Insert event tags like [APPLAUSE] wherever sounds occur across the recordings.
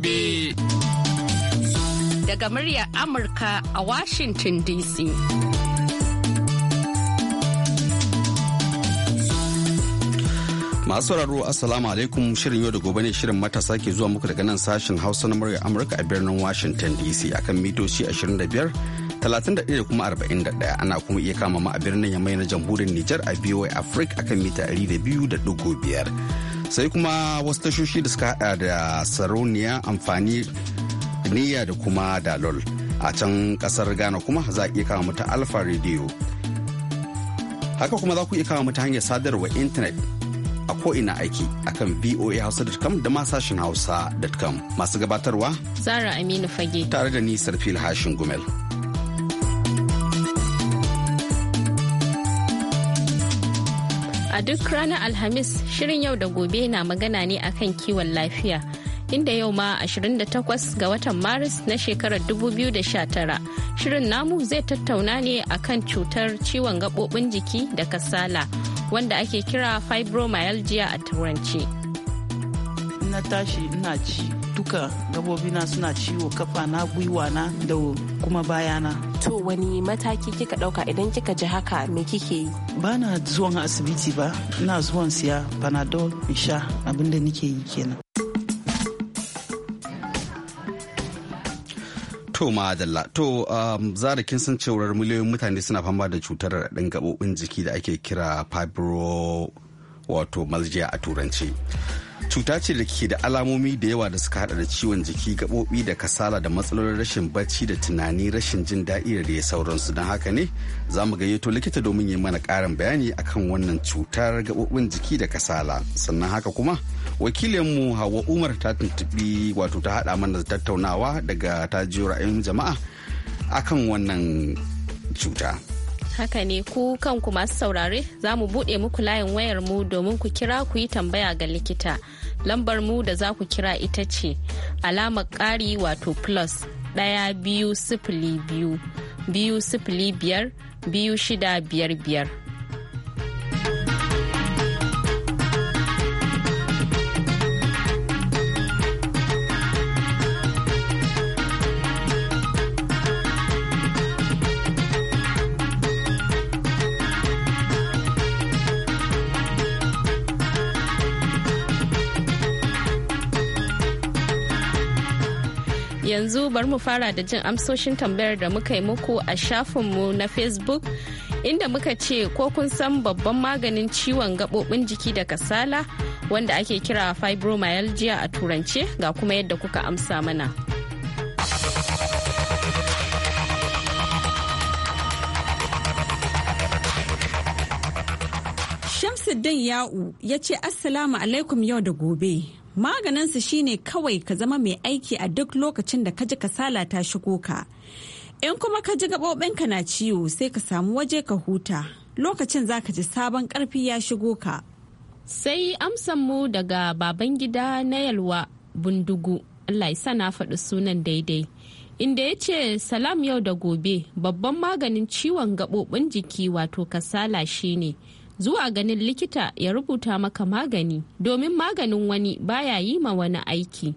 gobe. Daga muryar Amurka a Washington DC. Masu sauraro Assalamu alaikum shirin yau da gobe ne shirin matasa ke zuwa muku daga nan sashen Hausa na muryar Amurka a birnin Washington DC akan mitoci 25 31 kuma 41 ana kuma iya kama ma a birnin yamai na jamhuriyar Nijar a wai Africa akan mita biyar. sai kuma wasu tashoshi da suka haɗa da sarauniya amfani niyya da kuma dalol a can kasar ghana kuma za a iya kama mata alfa radio haka kuma za ku iya kama mata hanyar sadarwa intanet a ko'ina aiki akan voahausa.com da ma sashen hausa.com masu gabatarwa zara aminu fage tare da ni sarfil hashin gumel a duk ranar Alhamis shirin yau da gobe na magana ne akan kiwon lafiya. Inda yau ma 28 ga watan Maris na shekarar 2019 shirin namu zai tattauna ne akan cutar ciwon gaɓoɓin jiki da kasala wanda ake kira fibromyalgia a turanci. Na tashi ina ci duka gabobina suna ciwo kafa na gwiwa na da kuma bayana to wani mataki kika dauka idan kika ji haka me kike yi ba na zuwan asibiti ba ina zuwan siya panadol in sha abinda nike yi kenan To ma'adalla, to um, zara kin san cewar miliyoyin mutane suna fama da cutar ɗin gaɓoɓin jiki da ake kira fibro wato maljiya a turanci. cuta ce da ke da alamomi da yawa da suka hada da ciwon jiki gaɓoɓi da kasala da matsalolin rashin bacci da tunani rashin jin daɗi da ya sauransu don haka ne za mu gayyato likita domin yi mana ƙarin bayani akan wannan cutar gaɓoɓin jiki da kasala sannan haka kuma wakilinmu hawa umar ta tuntuɓi wato ta haɗa mana tattaunawa daga ta jiyo ra'ayin jama'a akan wannan cuta. haka ne ku kanku masu saurare za mu buɗe muku layin wayar mu domin ku kira ku yi tambaya ga likita lambar mu da za ku kira ita ce alamar ƙari wato plus ɗaya biyu sifili biyu biyu sifili biyar biyu shida biyar biyar yanzu bari mu fara da jin amsoshin tambayar da muka yi muku a shafinmu na facebook inda muka ce ko kun san babban maganin ciwon gaɓoɓin jiki da kasala wanda ake kira fibromyalgia a turance ga kuma yadda kuka amsa mana. Shamsuddin Ya'u ya ce Assalamu alaikum yau da gobe. maganinsa shine kawai ka zama mai aiki a duk lokacin da ka ji kasala ta shigo ka in kuma ka ji ka na ciwo sai ka samu waje ka huta lokacin za ka ji sabon ƙarfi ya shigo ka sai mu daga baban gida na yalwa bundugu allah ya na faɗi sunan daidai inda ya ce salam yau da gobe babban maganin ciwon gaɓoɓin jiki wato kasala shine ne zuwa ganin likita ya rubuta maka magani domin maganin wani baya yi ma wani aiki.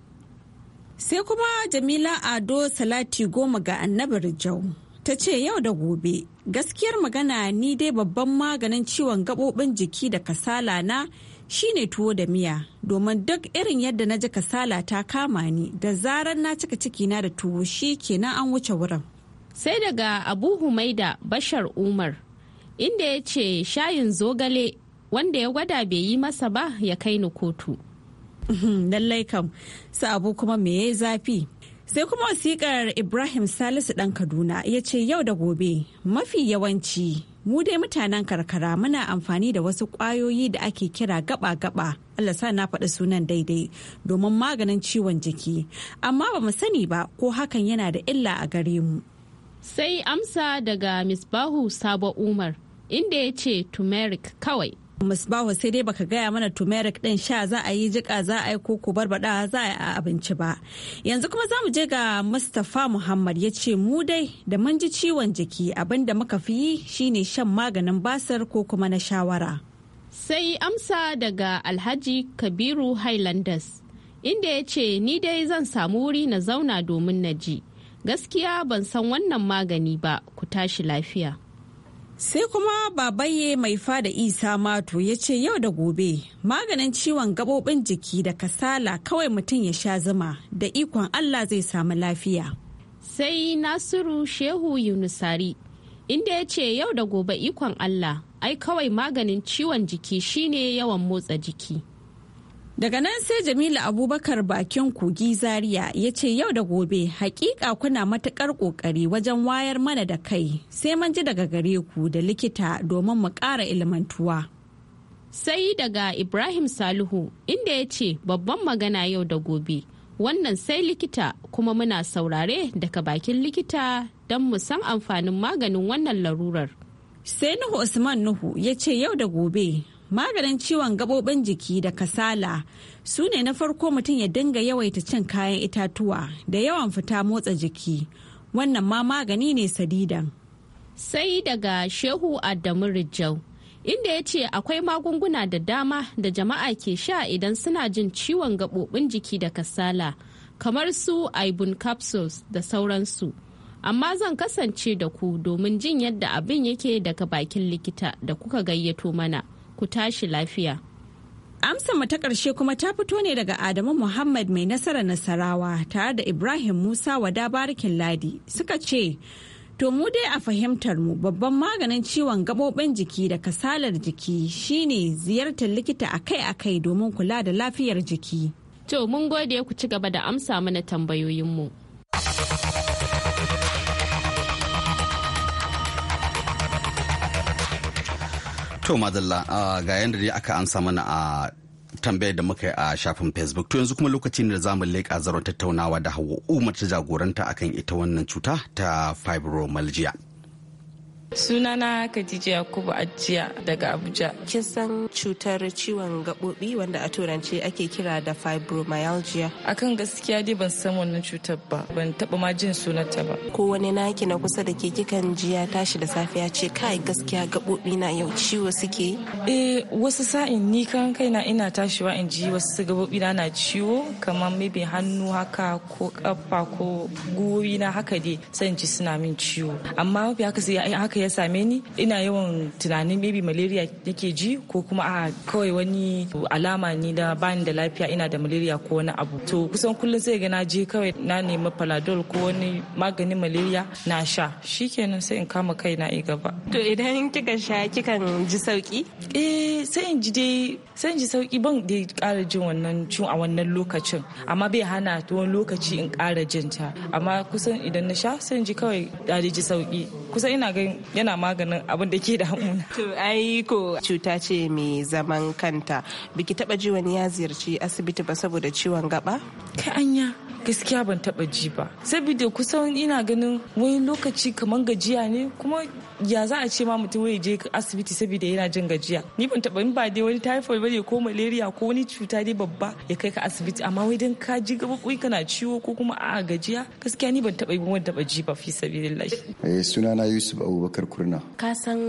Sai kuma Jamila Ado Salati goma ga annabar Jau ta ce yau da gobe gaskiyar magana ni dai babban maganin ciwon gaɓoɓin jiki da kasala na shine tuwo da miya domin duk irin yadda na ji kasala ta kama ni da zarar na cika cikina da tuwo shi kenan an wuce wurin. Sai daga Abu Humaida Bashar Umar inda ya ce shayin zogale wanda ya gwada bai yi masa ba ya kai ni kotu. Mhm, lallai kam, abu kuma me ya zafi. Sai kuma wasikar Ibrahim Salisu ɗan Kaduna ya ce yau da gobe mafi yawanci mu dai mutanen karkara muna amfani da wasu ƙwayoyi da ake kira gaba-gaba Allah sa na faɗi sunan daidai domin maganin ciwon jiki amma ba mu sani ba ko hakan yana da illa a gare mu. Sai amsa daga Misbahu Sabo Umar inda ya ce turmeric kawai. musbahu sai dai baka gaya mana turmeric ɗin sha za a yi jika za a yi ko ku barbada za a yi a abinci ba yanzu kuma za mu je ga mustapha muhammad ya ce mu dai da mun ji ciwon jiki abin da muka fi yi shine shan maganin basar ko kuma na shawara sai amsa daga alhaji kabiru highlanders inda ya ce ni dai zan samu wuri na zauna domin na ji gaskiya ban san wannan magani ba ku tashi lafiya Sai kuma babaye mai fada isa mato ya ce yau da gobe maganin ciwon gabobin jiki da kasala kawai mutum ya sha zuma da ikon Allah zai samu lafiya. Sai Nasiru Shehu Yunusari inda ya ce yau da gobe ikon Allah ai kawai maganin ciwon jiki shine yawan motsa jiki. Daga nan sai Jamilu Abubakar bakin kogi Zaria ya ce yau da gobe hakika kuna matukar kokari wajen wayar mana da kai sai mun ji daga gare ku da likita domin mu ƙara ilmantuwa. Sai daga Ibrahim Salihu inda ya ce babban magana yau da gobe wannan sai likita kuma muna saurare daga bakin likita don mu san amfanin maganin wannan larurar. Sai Nuhu Usman Nuhu ya ce yau da gobe maganin ciwon gabobin jiki da kasala su ne na farko mutum ya dinga yawaita cin kayan itatuwa da yawan fita motsa jiki wannan ma magani ne sadidan sai daga shehu adamu rijau inda ya ce akwai magunguna da dama da jama'a ke sha idan suna jin ciwon gabobin jiki da kasala kamar su ibun capsules da sauransu amma zan kasance da ku domin jin yadda abin yake daga bakin likita da kuka gayyato mana ku tashi lafiya. Amsa mu ta ƙarshe kuma ta fito ne daga Adamu Muhammad mai nasara Nasarawa tare da Ibrahim Musa wada barikin Ladi suka ce, To mu dai a fahimtar mu babban maganin ciwon gaɓoɓin jiki da kasalar jiki shine ziyartar likita akai-akai domin kula da lafiyar jiki. To mun gode ku ci gaba da amsa mana tambayoyinmu. To madalla ga yadda dai aka ansa mana a tambayar da muka yi a shafin facebook to yanzu kuma lokacin da za mu leƙa zaron tattaunawa da hawa umar ta jagoranta akan ita wannan cuta ta fibromyalgia. Sunana Khadija Yakubu Ajiya daga Abuja. Kin san cutar ciwon gaɓoɓi wanda a turance ake kira da fibromyalgia. Akan gaskiya dai ban san wannan cutar ba, ban taba ma jin sunanta ba. Ko wani naki na kusa da ke kikan ya tashi da safiya ce kai gaskiya gaɓoɓi na yau ciwo suke. Eh wasu sa'in ni kan kaina ina tashiwa in ji wasu gaɓoɓi na na ciwo kamar maybe hannu haka ko kafa ko gwiwi na haka dai sai in ji suna min ciwo. Amma mafi haka sai haka ya same ni ina yawan tunanin maybe malaria yake ji ko kuma a kawai wani alama ni da bani da lafiya ina da malaria ko wani abu to kusan kullum sai ga na je kawai na nemi paladol ko wani maganin malaria na sha shikenan sai in kama kaina i gaba to idan kika sha kikan ji sauki eh sai in ji dai sai in ji sauki ban dai ƙara jin wannan cin a wannan lokacin amma bai hana ta wani lokaci in ƙara jin ta amma kusan idan na sha sai in ji kawai da ji sauki kusan ina ga yana maganin abin da ke damuna. To aiko cuta ce mai zaman kanta. Biki taba ji wani ya ziyarci asibiti ba saboda ciwon gaba? Ka anya gaskiya ban taba ji ba saboda kusan ina ganin wani lokaci kamar gajiya ne kuma ya za a ce ma mutum wai je asibiti saboda yana jin gajiya ni ban taba in ba dai wani typhoid bane ko malaria ko wani cuta dai babba ya kai ka asibiti amma wai dan ka ji gabobi kana ciwo ko kuma a gajiya gaskiya ni ban taba yi wani taba ji ba fi sabilillahi eh sunana Yusuf Abubakar Kurna ka san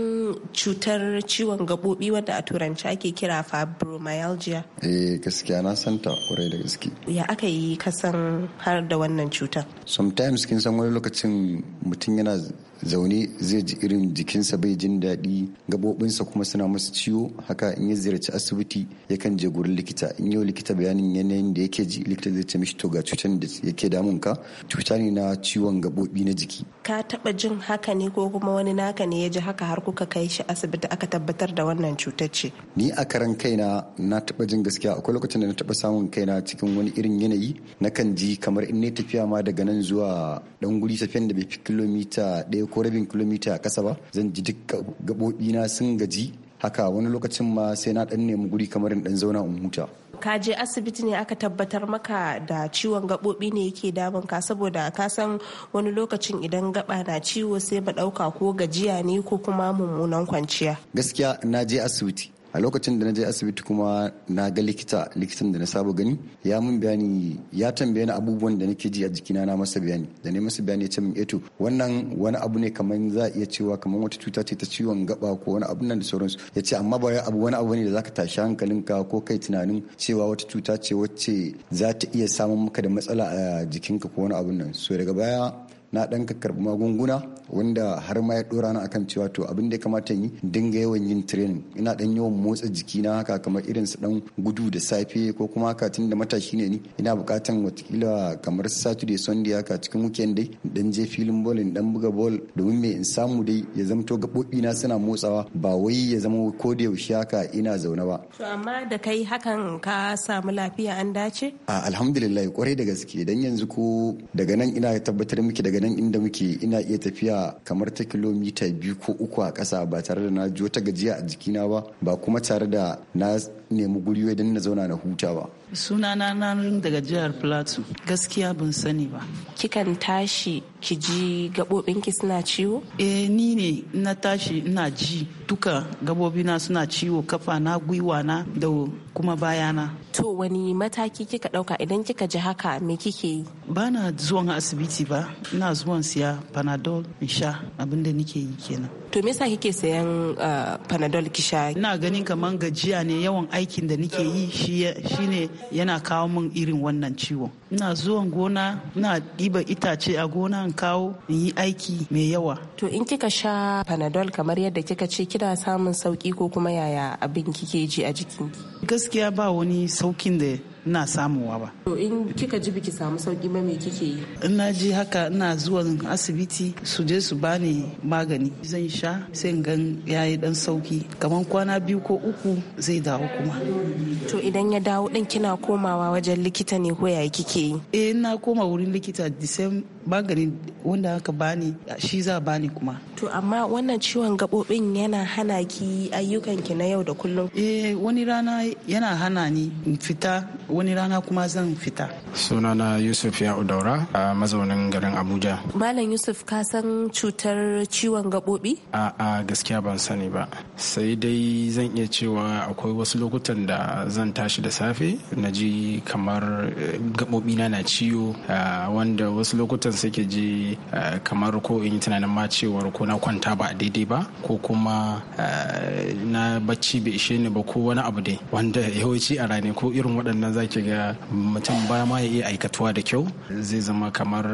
cutar ciwon gabobi wadda a turanci ake kira fibromyalgia eh gaskiya na santa kwarai da gaske ya aka yi kasan har da wannan cutar sometimes kin san wani lokacin mutum yana zaune zai ji irin jikinsa bai jin daɗi gabobinsa kuma suna masa ciwo haka in ya ziyarci asibiti yakan je gurin likita in yau likita bayanin yanayin da yake ji likita zai ce mishi to ga cutar da yake damun ka cuta ne na ciwon gabobi na jiki ka taba jin haka ne ko kuma wani naka ne ya ji haka har kuka kai shi asibiti aka tabbatar da wannan cutar ce ni a karan kaina na taba jin gaskiya akwai lokacin da na taba samun kaina cikin wani irin yanayi na kan ji kamar in ne tafiya ma daga nan zuwa dan guri tafiyan da bai fi kilomita ɗaya ko rabin kilomita a kasa ba zan ji duk gaɓoɓi na sun gaji haka wani lokacin ma sai na ɗan nemi guri kamar in ɗan zauna in huta ka je asibiti ne aka tabbatar maka da ciwon gaɓoɓi ne yake damun ka saboda ka san wani lokacin idan gaɓa na ciwo sai ba ɗauka ko gajiya ne ko kuma mummunan kwanciya gaskiya na je asibiti a lokacin da na je asibiti kuma na ga likita likitan da na saba gani ya mun bayani ya tambaye ni abubuwan da nake ji a jikina na masa bayani da ne masa bayani ya ce min eto eh wannan wani abu ne kamar za a iya cewa kamar wata cuta ce ta ciwon gaba ko wani abu nan da sauransu ya ce amma ba abu wani abu ne da zaka tashi hankalinka ko kai tunanin cewa wata cuta ce wacce za ta iya samun maka da matsala a jikinka ko wani abu nan so daga baya na dan karɓi magunguna wanda har ma ya dora na akan cewa to abin da ya kamata yi dinga yawan yin training ina dan yawan motsa jiki na haka kamar irin su dan gudu da safe ko kuma haka tun da matashi ne ni ina bukatan watakila kamar saturday sunday haka cikin weekend dai dan je filin ball in dan buga ball domin me in samu dai ya zamto gabobi na suna motsawa ba wai ya zama ko da yaushe haka ina zaune ba. To amma da kai hakan ka samu lafiya an dace? alhamdulillah kwarai da gaske dan yanzu ko daga nan ina tabbatar miki daga nan inda muke ina iya tafiya kamar ta kilomita biyu ko uku a ƙasa ba tare da na ji wata gajiya a jikina ba ba kuma tare da na nemi guri wai don na zauna na huta ba. Sunana na daga jihar Plateau gaskiya ban sani ba. Kikan tashi ki ji ki suna ciwo? Eh ni ne na tashi ina ji duka gabobina suna ciwo kafa na gwiwa na da kuma bayana. To wani mataki kika ɗauka idan kika ji haka me kike yi? Ba na zuwan asibiti ba, ina zuwan siya panadol in sha abin da nike yi kenan. to me yasa kike sayan uh, panadol ki sha ina ganin kaman gajiya ne yawan aikin da nike yi shi ne yana kawo min irin wannan ciwon ina zuwan gona ina ɗiba itace a gona in kawo in yi aiki mai yawa to in kika sha panadol kamar yadda kika ce kina samun sauki ko kuma yaya abin kike ji a jikinki gaskiya ba wani saukin da ina samuwa ba. To in kika ji biki samu sauki ba me kike yi? In na ji haka ina zuwan asibiti su je su bani magani zan sha sai in gan yayi dan sauki kamar kwana biyu ko uku zai dawo kuma. To idan ya dawo din kina komawa wajen likita ne ko yayi kike yi? Eh ina koma wurin likita the maganin wanda aka bani shi za bani kuma to amma wannan ciwon gabobin yana hana ki ayyukan ki na yau da kullum eh wani rana yana hana ni fita wani rana kuma zan fita sunana yusuf ya udaura a mazaunin garin abuja malam yusuf ka san cutar ciwon gabobi a a gaskiya ban sani ba sai dai zan iya cewa akwai wasu lokutan da zan tashi da safe na ji kamar eh, gabobi na na ciwo wanda wasu lokutan sai ke ji eh, kamar ko in yi tunanin ma cewar ko na kwanta ba a daidai ba ko kuma eh, na bacci bai ishe ni ba ko wani abu dai wanda yawanci a rane ko irin waɗannan zaki ga mutum ba ma ya iya aikatuwa da kyau zai zama kamar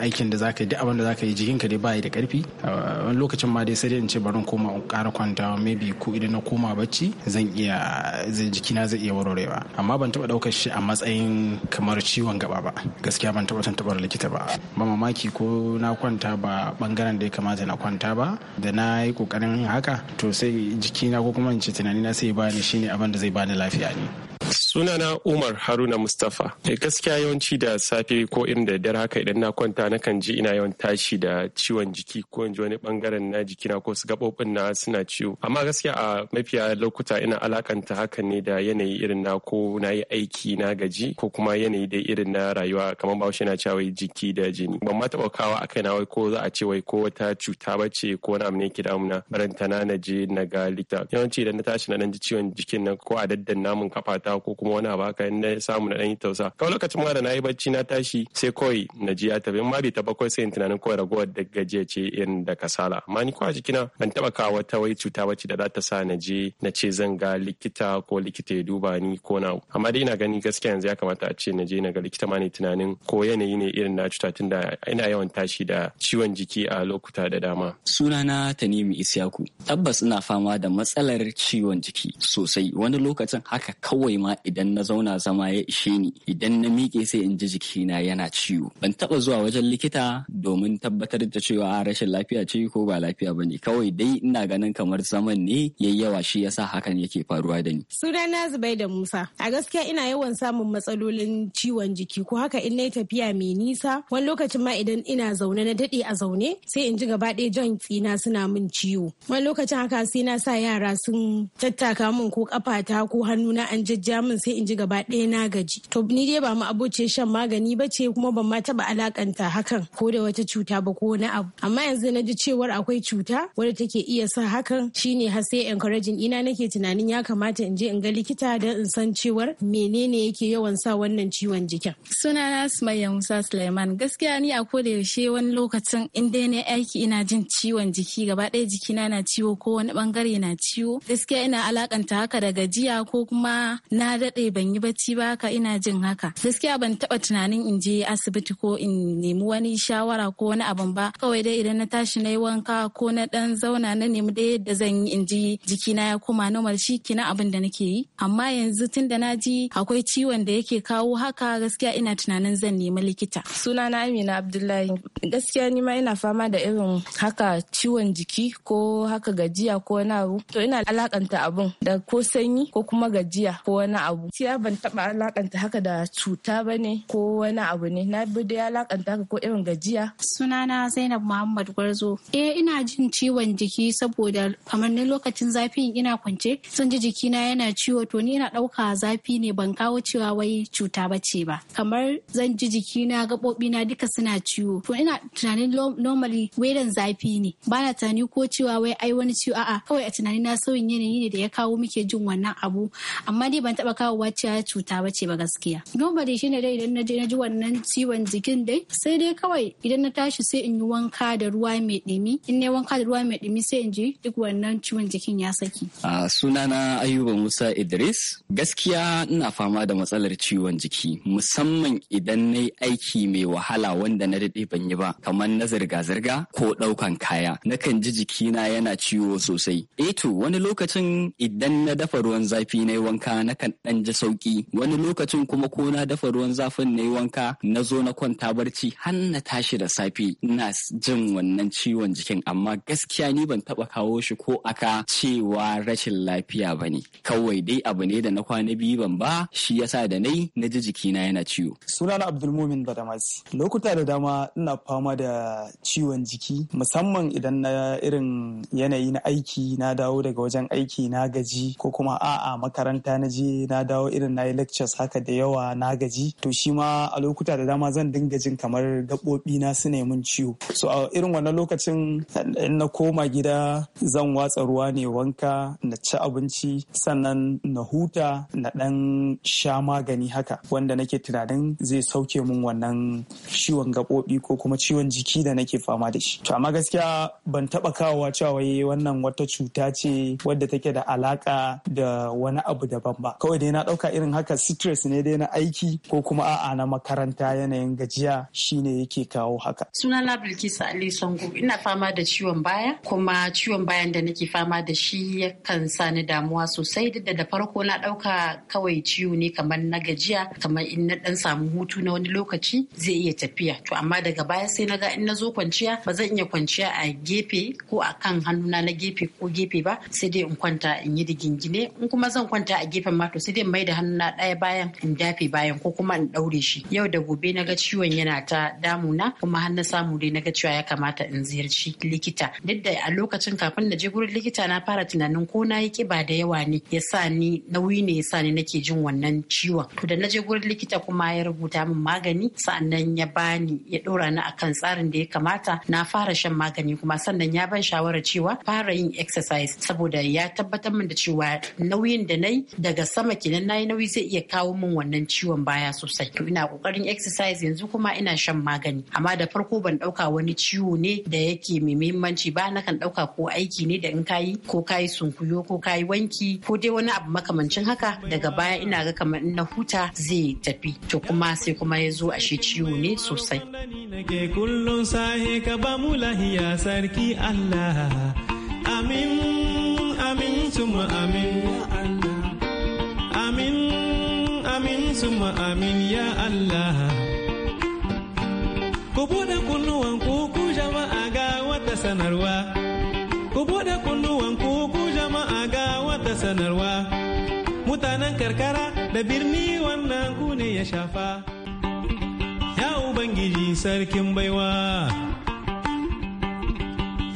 aikin da zaka yi duk abin da zaka yi jikinka dai ba da karfi eh, wani lokacin ma dai sai dai in ce barin koma in ƙara kwanta maybe ko idan na koma bacci zan iya zai jikina zai iya warwarewa amma ban taɓa ɗaukar shi a matsayin kamar ciwon gaba ba gaskiya ban taɓa tantabar likita ba ba mamaki ko na kwanta ba bangaren da ya kamata na kwanta ba da na yi kokarin haka to sai jikina ko kuma in ce tunanina sai bani shine abin da zai bani lafiya ne Sunana Umar Haruna Mustapha. E eh, gaskiya yawanci da safe ko irin da dare haka idan na kwanta na kan ji ina yawan tashi da ciwon jiki ko in ji wani bangaren na jikina ko su gaɓoɓin na suna ciwo. Amma gaskiya a mafiya lokuta ina alakanta haka ne da yanayi irin na ko na yi aiki na gaji ko kuma yanayi dai irin na rayuwa kamar bahaushe na cewa jiki da jini. Ban ma taɓa kawa a kaina wai ko za a ce wai ko wata cuta ba ce ko wani abu ne ke damuna barantana na je na ga likita. Yawanci idan na tashi na ɗan ji ciwon jikin nan ko a daddan namun kafata ko kuma kuma wani abu haka ya samu na dan yi tausa kawai lokacin ma da na yi bacci na tashi sai kawai na ji ya tafi ma bai taba kawai sai in tunanin kawai ragowar da gajiya ce irin da kasala amma ni kawai jikina ban taba kawo wata wai cuta wacce da za ta sa na je na ce zan ga likita ko likita ya duba ni ko na amma dai ina gani gaskiya yanzu ya kamata a ce na je na ga likita ma ne tunanin ko yanayi ne irin na cuta tun da ina yawan tashi da ciwon jiki a lokuta da dama. Sunana Tanimi Isyaku. Tabbas ina fama da matsalar ciwon jiki sosai wani lokacin haka kawai ma idan idan na zauna zama ya ishe ni idan na miƙe sai in ji jikina yana ciwo ban taɓa zuwa wajen likita domin tabbatar da cewa rashin lafiya ce ko ba lafiya ba ne kawai dai ina ganin kamar zaman ne yawa shi yasa hakan yake faruwa da ni. sunana zubai da musa a gaskiya ina yawan samun matsalolin ciwon jiki ko haka in nayi tafiya mai nisa wani lokacin ma idan ina zaune na daɗe a zaune sai in ji gaba ɗaya jan tsina suna min ciwo wani lokacin haka sai na sa yara sun tattaka min ko kafata ko hannuna an jajja min sai in ji gaba ɗaya na gaji to ni dai ba mu abuce shan magani ba ce kuma ban ma taɓa alakanta hakan ko da wata cuta ba ko wani abu amma yanzu na ji cewar akwai cuta wadda take iya sa hakan shine har sai encouraging ina nake tunanin ya kamata in je in ga likita don in san cewar menene yake yawan sa wannan ciwon jikin sunana Sumayya Musa Suleiman gaskiya ni a koda yaushe wani lokacin in dai na aiki ina jin ciwon jiki gaba ɗaya jikina na ciwo ko wani ɓangare na ciwo gaskiya ina alakanta haka da gajiya ko kuma na daɗe ban yi bacci ba haka ina jin haka gaskiya ban taɓa tunanin in je asibiti ko in nemi wani shawara ko wani abun ba kawai dai idan na tashi na yi wanka ko na dan zauna na nemi dai yadda zan yi in ji na ya koma normal shi kina abin da nake yi amma yanzu tun da na ji akwai ciwon da yake kawo haka gaskiya ina tunanin zan nemi likita sunana Amina Abdullahi gaskiya ni ma ina fama da irin haka ciwon jiki ko haka gajiya ko wani abu to ina alakanta abun da ko sanyi ko kuma gajiya ko wani abu abu ban taba alakanta haka da cuta ba ne ko wani abu ne na bi da alakanta haka ko irin gajiya sunana Zainab Muhammad Gwarzo eh ina jin ciwon jiki saboda kamar ni lokacin zafin ina kwance sun ji jikina yana ciwo to ni ina ɗauka zafi ne ban kawo cewa wai cuta bace ba kamar zan ji jikina na duka suna ciwo to ina tunanin normally wedan zafi ne ba na tunani ko cewa wai ai wani ciwo a'a kawai a tunani na sauyin yanayi ne da ya kawo muke jin wannan abu amma dai ban taba wacce cuta bace ba gaskiya shi ne dai idan na ji wannan ciwon jikin dai sai dai kawai idan na tashi sai in yi wanka da ruwa mai ɗumi in ne wanka da ruwa mai ɗumi sai in ji duk wannan ciwon jikin ya saki a na ayuba musa idris gaskiya ina fama da matsalar ciwon jiki musamman idan na yi aiki mai wahala wanda na daɗe ban yi ba kamar na zirga-zirga ko ɗaukan kaya nakan ji jikina yana ciwo sosai Eto, eh wani lokacin idan na dafa ruwan zafi na yi wanka nakan ɗan kan ji sauki wani lokacin kuma ko na dafa ruwan zafin na yi wanka na zo na kwanta barci har na tashi da safe ina jin wannan ciwon jikin amma gaskiya ni ban taba kawo shi ko aka cewa rashin lafiya ba ne kawai dai abu ne da na kwana biyu ban ba shi yasa da nai na ji jikina yana ciwo sunana abdulmumin badamasi lokuta da dama ina fama da ciwon jiki musamman idan na irin yanayi na aiki na dawo daga wajen aiki na gaji ko kuma a'a makaranta na je na dawo irin na yi lectures haka da yawa na gaji to shi ma a lokuta da dama zan dinga jin kamar gaɓoɓi na su mun ciwo so a irin wannan lokacin na koma gida zan watsa ruwa ne wanka na ci abinci sannan na huta na ɗan sha magani haka wanda nake tunanin zai sauke mun wannan ciwon gaɓoɓi ko kuma ciwon jiki da nake fama da shi to amma gaskiya ban taɓa kawowa cewa wai wannan wata cuta ce wadda take da alaka da wani abu daban ba kawai dai na ɗauka irin haka stress ne dai na aiki ko kuma a'a na makaranta yanayin gajiya shine yake kawo haka. Suna na Bilkisu Ali Sango ina fama da ciwon baya kuma ciwon bayan da nake fama da shi yakan sa ni damuwa sosai duk da da farko na ɗauka kawai ciwo ne kamar na gajiya kamar in na ɗan samu hutu na wani lokaci zai iya tafiya to amma daga baya sai na ga in na zo kwanciya ba zan iya kwanciya a gefe ko a kan hannuna na gefe ko gefe ba sai dai in kwanta in yi digingine in kuma zan kwanta a gefen ma to sai dai in mai da na ɗaya bayan in dafe bayan ko kuma in ɗaure shi yau da gobe na ga ciwon yana ta damuna kuma har na samu dai na ga cewa ya kamata in ziyarci likita duk da a lokacin kafin na je gurin likita na fara tunanin ko na yi kiba da yawa ne ya sa ni nauyi ne ya sa ni nake jin wannan ciwon to da na je gurin likita kuma ya rubuta min magani sa'annan ya bani ya ɗora ni akan tsarin da ya kamata na fara shan magani kuma sannan ya ban shawarar cewa fara yin exercise saboda ya tabbatar min da cewa nauyin da na yi daga sama kenan idan na yi nauyi zai iya kawo min wannan ciwon baya sosai to ina kokarin exercise yanzu kuma ina shan magani amma da farko ban dauka wani ciwo ne da yake mai muhimmanci ba na kan dauka ko aiki ne da in kayi ko kayi sunkuyo ko kayi wanki ko dai wani abu makamancin haka daga baya ina ga kamar in na huta zai tafi to kuma sai kuma ya zo ashe ciwo ne sosai amin amin tuma amin amin summa amin ya Allah ku buɗe kunnuwan ku ku jama'a ga wata sanarwa ku buɗe kunnuwan ku ku jama'a ga wata sanarwa mutanen karkara da birni wannan ku ne ya shafa ya ubangiji sarkin baiwa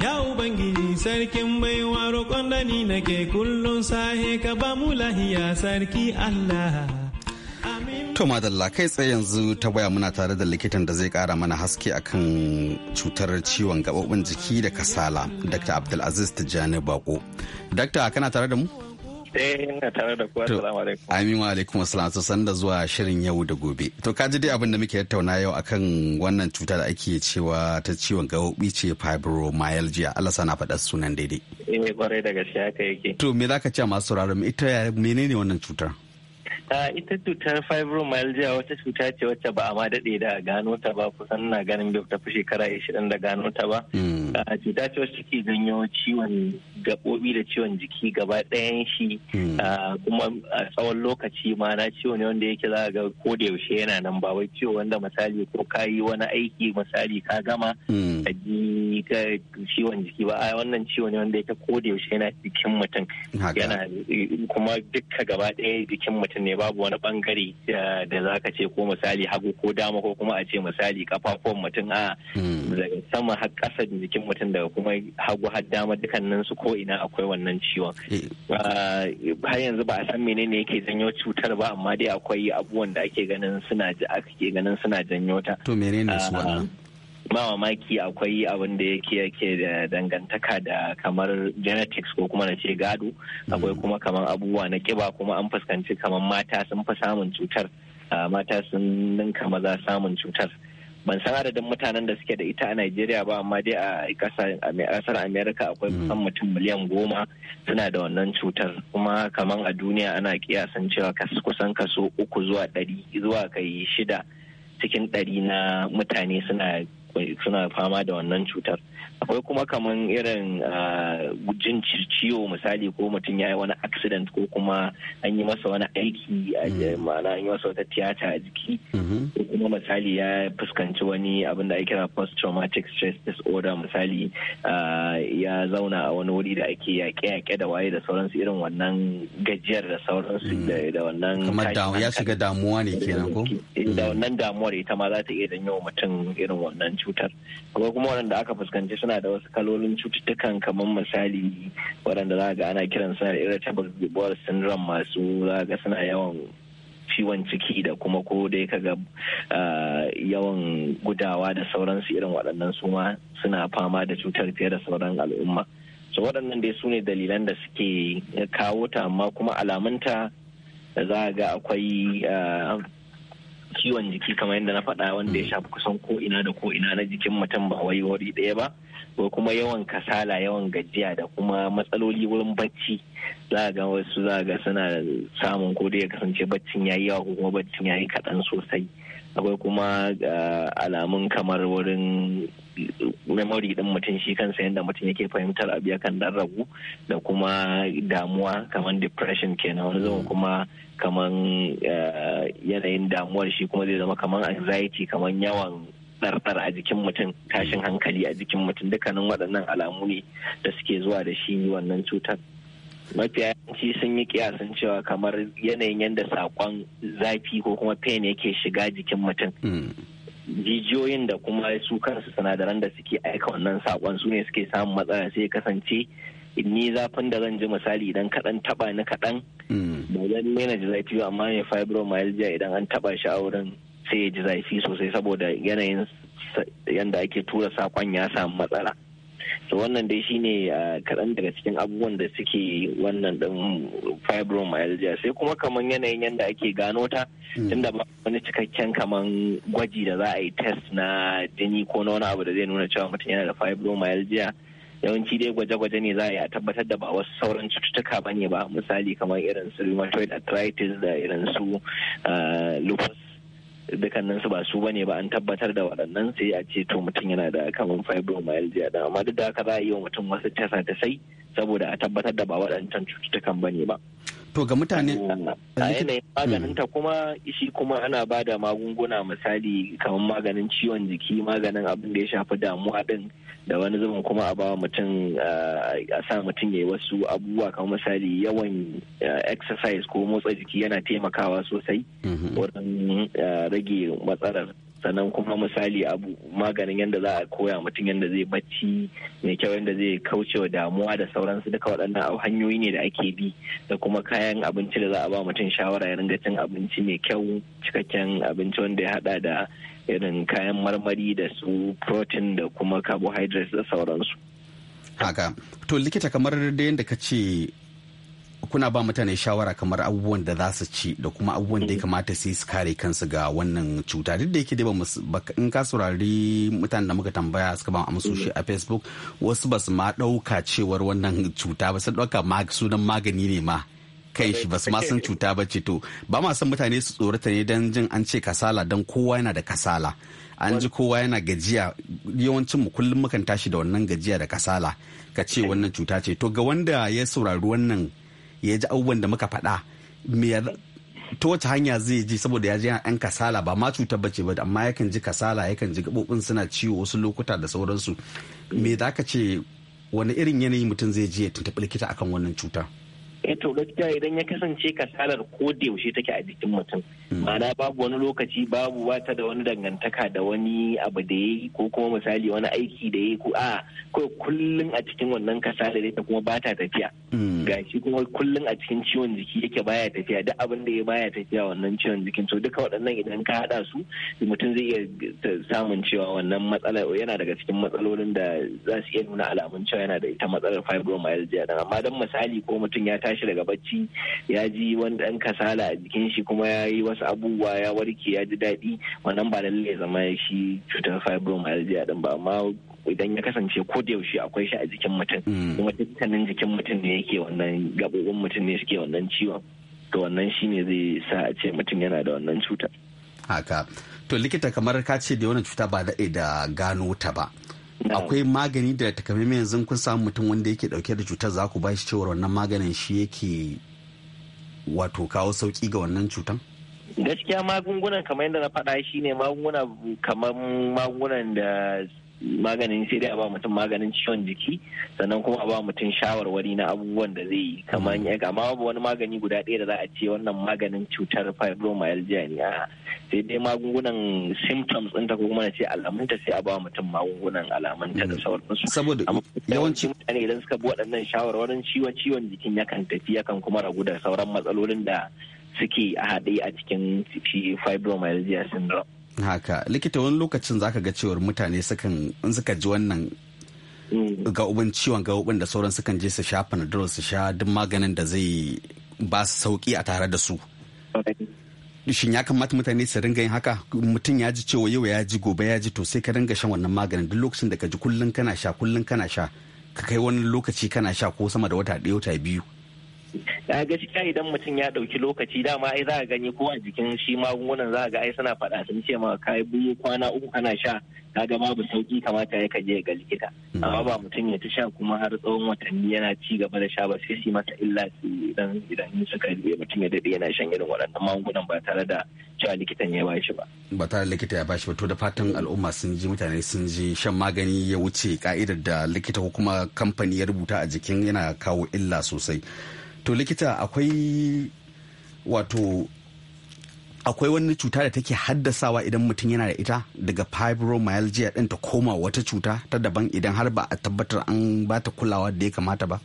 Ya Ubangiji sarkin baiwa roƙon da ni nake kullum sahe ka ba mu lahiya sarki Allah. To madalla kai tsaye yanzu ta waya muna tare da likitan da zai kara mana haske akan cutar ciwon gaɓoɓin jiki da kasala Dr. Abdulaziz Tijjani Bako. Dr kana tare da mu? Eh ina tare da kuwa salamu alaikum. Amin wa sanda zuwa shirin yau da gobe. To ka ji dai abin da muke tattauna yau akan wannan cuta da ake cewa ta ciwon gaɓoɓi ce fibromyalgia. Allah sana faɗa sunan daidai. Eh kwarai da gaske haka yake. To me zaka ce masu sauraron ita menene wannan cutar? ita cutar fibromyalgia wata cuta ce wacce ba a ma daɗe da gano ta ba kusan na ganin bai ta fi shekara 20 da gano ta ba hmm. cuta ce wacce ke ganyo ciwon gaɓoɓi da ciwon jiki gaba ɗayan shi hmm. kuma a tsawon lokaci ma na ciwo ne wanda yake za ga ko da yaushe yana nan ba wai ciwo wanda misali ko ka yi wani aiki misali ka gama hmm. ka ji ciwon jiki ba a wannan ciwo ne wanda yake ko da yaushe yana jikin mutum yana kuma dukka gaba ɗaya jikin mutum ne babu wani bangare da za ka ce ko misali hagu ko dama ko kuma a ce misali kafafuwan mutum a hmm. daga sama har ƙasa jikin mutum daga kuma hagu har dama dukkanin su ko ko ina akwai wannan ciwon eh. ah, har yanzu ba a san menene yake janyo cutar ba amma dai akwai abubuwan da ake ganin suna ake ganin suna janyo ta to menene su ah, wannan Ma mamaki akwai abin da yake yake da dangantaka da kamar genetics ko kuma na ce gado hmm. akwai kuma kamar abubuwa na kiba kuma an fuskanci kamar mata sun fi samun cutar ah, mata sun ninka maza samun cutar ban san adadin mutanen da suke da ita a Najeriya ba amma dai a kasar Amerika akwai mm. kusan mutum miliyan goma suna da wannan cutar kuma kamar a duniya ana kiyasan cewa kusan kaso uku zuwa ɗari zuwa kai shida cikin ɗari na mutane suna fama da wannan cutar akwai kuma kaman irin ah, jin ciwo misali ko mutum ya yi wani accident ko kuma an yi masa wani aiki mm. ma'ana an yi masa wata tiyata a jiki mm-hmm. ko kuma misali ya fuskanci wani abin da ake kira post traumatic stress disorder misali ah, ya zauna a wani wuri da ake yaƙe-yaƙe da waye da sauransu irin wannan gajiyar da sauransu mm. da wannan kamar ya shiga damuwa ne kenan ko eh, inda mm. wannan damuwar ita ma za ta iya janyo mutum irin wannan cutar akwai kuma waɗanda aka fuskanci suna da wasu kalolin cututtukan kamar misali waɗanda za ga ana kiran suna da irritable bowel syndrome masu za ga suna yawan ciwon ciki da kuma ko dai kaga ah, yawan gudawa da sauransu irin waɗannan su ma suna fama da cutar fiye da sauran al'umma so waɗannan dai su ne dalilan da suke kawo ta amma kuma alamunta za za ga akwai ah, kiwon jiki kamar yadda na faɗa wanda ya mm. shafi kusan ko ina da ko ina na jikin mutum ba wai wuri ɗaya ba ko kuma yawan kasala yawan gajiya da kuma matsaloli wurin bacci za ga wasu za ga suna samun ko dai ya kasance baccin yayi yawa ko kuma baccin yayi kaɗan sosai akwai kuma eh, alamun kamar wurin memory din mutum shi kansa yadda mutum yake fahimtar abu yakan dan ragu da kuma damuwa kamar depression kenan wani zama kuma kamar eh, yanayin damuwar shi kuma zai zama kamar anxiety kamar yawan ɗarɗar a jikin mutum tashin hankali a jikin mutum dukkanin waɗannan alamu da suke zuwa da shi wannan cutar mafiya shi sun yi kiyasin cewa kamar yanayin yadda sakon zafi ko kuma pain yake shiga jikin mutum hmm. jijiyoyin da kuma su kansu sinadaran da suke aika wannan sakon su ne suke samun matsala sai kasance ni zafin da zan ji misali idan kaɗan taɓa ni kaɗan hmm. ba zan nuna ji zafi ba amma mai fibromyalgia idan an taɓa shi a wurin sai ya ji zafi sosai saboda yanayin yadda ake tura sakon ya samu matsala. to wannan dai shine ah, kaɗan daga cikin abubuwan da suke wannan ɗin fibromyalgia sai kuma kamar yanayin yadda ake gano ta hmm. tunda ba wani cikakken kamar gwaji da za a yi test na jini ko na wani abu da zai nuna cewa mutum yana da fibromyalgia yawanci dai gwaje-gwaje ne za a yi a tabbatar da ba wasu sauran cututtuka ba ne ba misali kamar irin su rheumatoid arthritis da irin su ah, lupus dukkanin su ba su bane ba an tabbatar da waɗannan sai a ce to mutum yana da kamar fibromyalgia da amma duk da haka za a yi wa mutum wasu tasa da sai saboda a tabbatar da ba waɗancan cututtukan bane ba to ga mutane a yanayin maganin ta hmm. kuma shi kuma ana ba da magunguna misali kamar maganin ciwon jiki maganin abin da ya shafi damuwa din da wani zaman kuma a bawa mutum eh, a sa mutum ya yi wasu abubuwa kamar misali yawan eh, exercise ko motsa jiki yana taimakawa sosai mhm. wurin eh, rage matsalar sannan kuma misali abu maganin yadda za a koya mutum yadda zai bacci mai kyau yadda zai kauce wa damuwa da sauransu duka waɗannan hanyoyi ne da ake bi da kuma kayan abinci da za a ba mutum shawara ya ringa cin abinci mai kyau cikakken abinci wanda ya haɗa da irin kayan marmari da su protein da kuma carbohydrates da sauransu haka to likita kamar da yadda ka ce kuna ba mutane shawara kamar abubuwan da za su ci da kuma abubuwan da ya kamata su su kare kansu ga wannan cuta duk da yake dai ba in ka saurari mutanen da muka tambaya suka ba amsu shi a facebook wasu ba su ma ɗauka cewar wannan cuta ba su ɗauka sunan magani ne ma kai shi basu ma san [LAUGHS] cuta ba ce to ba ma san mutane su tsorata ne don jin an ce kasala don kowa yana da kasala an ji kowa yana gajiya yawancin mu kullum mukan tashi da wannan gajiya da kasala ka ce wannan cuta ce to ga wanda ya saurari wannan ya ji abubuwan da muka faɗa ta wace hanya zai ji saboda ya ji yan kasala ba ma cuta ba ce ba amma yakan ji kasala yakan ji gabobin suna ciwo wasu lokuta da sauransu me za ka ce wani irin yanayi mutum zai ji ya tuntuɓi likita akan wannan cuta Eh to gaskiya idan ya kasance kasalar ko da yaushe take a jikin mutum hmm. ma'ana babu wani lokaci babu wata da wani dangantaka da wani abu da yayi ko kuma misali wani aiki da yayi ko a ko kullun a cikin wannan kasalar ta kuma ba ta tafiya hmm. gashi kuma kullun a cikin ciwon jiki yake baya tafiya duk abin da ya baya tafiya wannan ciwon jikin to duka waɗannan idan ka haɗa su mutum zai iya samun cewa wannan matsala yana daga cikin matsalolin da za su iya nuna alamun cewa yana da ita matsalar fibromyalgia amma dan misali ko mutum ya tashi shi daga bacci ya ji wani dan kasala a jikin shi kuma ya yi wasu abubuwa ya warke ya ji daɗi wannan ba lallai zama shi cutar fibromyalgia din ba amma idan ya kasance ko da yaushe akwai shi a jikin mutum mm. kuma dukkanin jikin mutum ne yake wannan gabobin mutum ne suke wannan ciwon to wannan shine zai sa a ce mutum yana da wannan cutar haka to likita kamar ka ce da wannan cuta ba da gano ta ba akwai magani da takamaimai yanzu kun samu mutum wanda yake dauke da cutar za ku ba shi cewar wannan maganin shi yake wato kawo sauki ga wannan cutan gaskiya magungunan kamar yadda na faɗa shi ne magunguna kamar magungunan da maganin sai dai a ba mutum maganin ciwon jiki sannan kuma a ba mutum shawarwari na abubuwan da zai yi kamar mm. ya amma babu wani magani guda ɗaya da za a ce wannan maganin cutar fibromyalgia ne a sai dai magungunan symptoms ɗinta ko kuma na ce alamunta sai a ba mutum magungunan alamunta da mm. sauransu saboda yawanci mutane idan suka bi waɗannan shawarwarin ciwon ciwon jikin yakan tafi yakan kuma ragu da sauran matsalolin da suke a haɗe a cikin fibromyalgia syndrome haka likita wani lokacin zaka ga cewar mutane sukan in suka ji wannan mm. gaubin ciwon gaubin da sauran sukan je su sha panadol su sha duk maganin da zai ba su sauki a tare da su shin ya kamata mutane su ringa yin haka mutum ya ji cewa yau ya ji gobe ya ji to sai ka ringa shan wannan maganin duk lokacin da ka ji kullum kana sha kullum kana sha ka kai wani lokaci kana sha ko sama da wata ɗaya wata biyu gaskiya idan mutum ya ɗauki lokaci dama ai za a gani ko a jikin shi magungunan za a ga ai suna faɗa sun ce ma kai biyu kwana uku ana sha kaga babu sauki kamata ya kaje ga likita hmm. amma ba mutum ya ta sha kuma har tsawon watanni yana ci gaba da sha ba sai shi mata illa idan idan suka mutum ya dade yana shan irin waɗannan magungunan ba tare da cewa likitan ya bashi ba ba tare da likita ya bashi ba to da fatan al'umma sun ji mutane sun ji shan magani ya wuce ka'idar da likita ko kuma kamfani ya rubuta a jikin yana kawo illa sosai to likita akwai wato akwai wani cuta da take haddasawa idan mutum yana da ita daga fibromyalgia ɗin ta koma wata cuta ta daban idan har ba a tabbatar an ba ta kulawa da ya kamata ba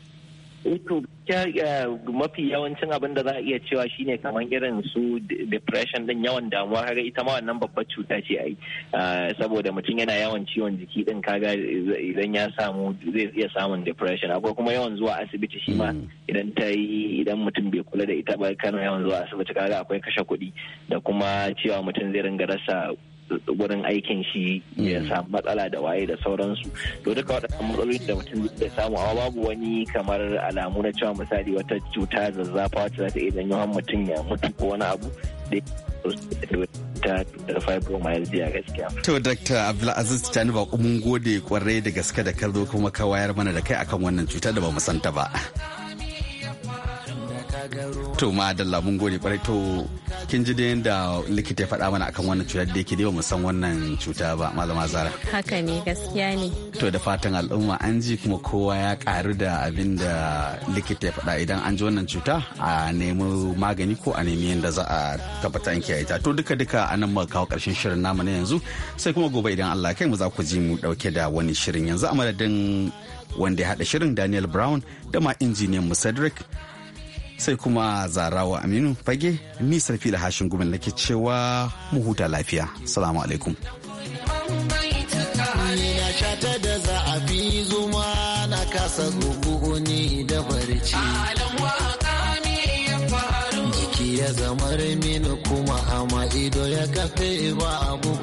Eh, to eh, mafi yawancin abin da za a iya cewa shine kamar irin su depression din yawan damuwa kaga ita ma wannan babbar cuta ce ai eh, saboda mutum yana yawan ciwon jiki din kaga idan ya samu zai iya samun depression akwai kuma yawan zuwa asibiti shi ma hmm. idan ta yi idan mutum bai kula da ita ba kana yawan zuwa asibiti kaga akwai kashe kuɗi da kuma cewa mutum zai ringa rasa wurin aikin shi ya mm. samu matsala da waye da sauransu to duka waɗannan matsalolin da mutum zai samu amma babu wani kamar alamu na cewa misali wata cuta zazzafa wacce za ta iya janyo har mutum ya mutu ko wani abu da gaskiya. To Dr. Abdulaziz Tani ba mun gode kwarai da gaske da ka zo kuma ka wayar mana da kai akan wannan cutar da ba mu santa ba. to ma da labun gode kwarai to kin ji da yadda likita ya faɗa mana akan wannan cutar da yake dai mu san wannan cuta ba malama zara haka ne gaskiya ne to da fatan al'umma an ji kuma kowa ya karu da abin da likita ya faɗa idan an ji wannan cuta a nemi magani ko a nemi yadda za a tabbata an kiyaye ta to duka duka a nan muka kawo karshen shirin namu na yanzu sai kuma gobe idan Allah kai mu za ku ji mu dauke da wani shirin yanzu a madadin wanda ya haɗa shirin Daniel Brown da ma injiniyan mu Cedric sai kuma zarawa aminu fage ni sarfi da hashin gumin nake cewa mu huta lafiya salamu alaikum kasa ni da barci jiki ya zama kuma hama ido ya kafe ba abu